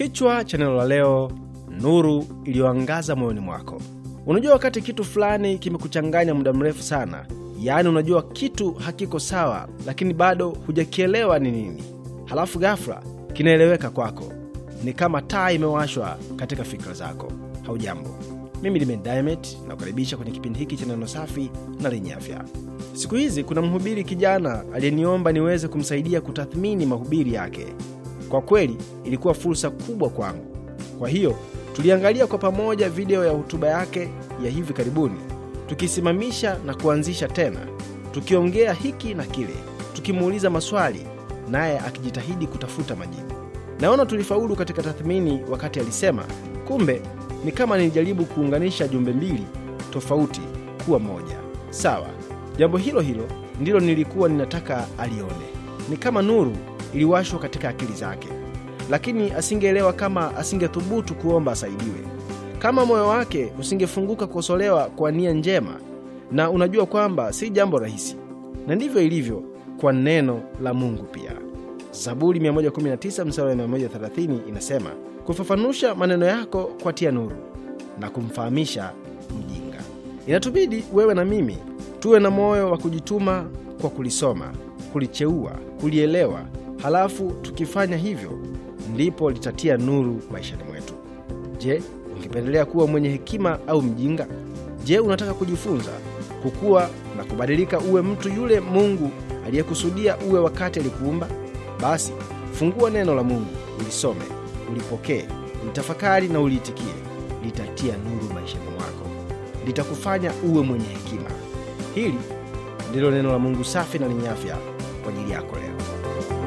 Kichwa cha neno la leo: nuru iliyoangaza moyoni mwako. Unajua, wakati kitu fulani kimekuchanganya muda mrefu sana, yaani unajua kitu hakiko sawa, lakini bado hujakielewa ni nini, halafu ghafla kinaeleweka kwako. Ni kama taa imewashwa katika fikra zako. Haujambo, mimi ni Ben Diamond na kukaribisha kwenye kipindi hiki cha neno safi na lenye afya. Siku hizi kuna mhubiri kijana aliyeniomba niweze kumsaidia kutathmini mahubiri yake kwa kweli ilikuwa fursa kubwa kwangu. Kwa hiyo tuliangalia kwa pamoja video ya hotuba yake ya hivi karibuni, tukisimamisha na kuanzisha tena, tukiongea hiki na kile, tukimuuliza maswali naye akijitahidi kutafuta majibu. Naona tulifaulu katika tathmini, wakati alisema, kumbe ni kama nilijaribu kuunganisha jumbe mbili tofauti kuwa moja. Sawa, jambo hilo hilo ndilo nilikuwa ninataka alione. Ni kama nuru iliwashwa katika akili zake, lakini asingeelewa kama asingethubutu kuomba asaidiwe, kama moyo wake usingefunguka kukosolewa kwa nia njema. Na unajua kwamba si jambo rahisi, na ndivyo ilivyo kwa neno la Mungu pia. Zaburi 119 mstari wa 130 inasema, kufafanusha maneno yako kwa tia nuru na kumfahamisha mjinga. Inatubidi wewe na mimi tuwe na moyo wa kujituma kwa kulisoma, kulicheua, kulielewa Halafu tukifanya hivyo, ndipo litatia nuru maishani mwetu. Je, ungependelea kuwa mwenye hekima au mjinga? Je, unataka kujifunza, kukua na kubadilika uwe mtu yule Mungu aliyekusudia uwe wakati alikuumba? Basi fungua neno la Mungu, ulisome, ulipokee, ulitafakari na uliitikie. Litatia nuru maishani mwako, litakufanya uwe mwenye hekima. Hili ndilo neno la Mungu safi na lenye afya kwa ajili yako leo.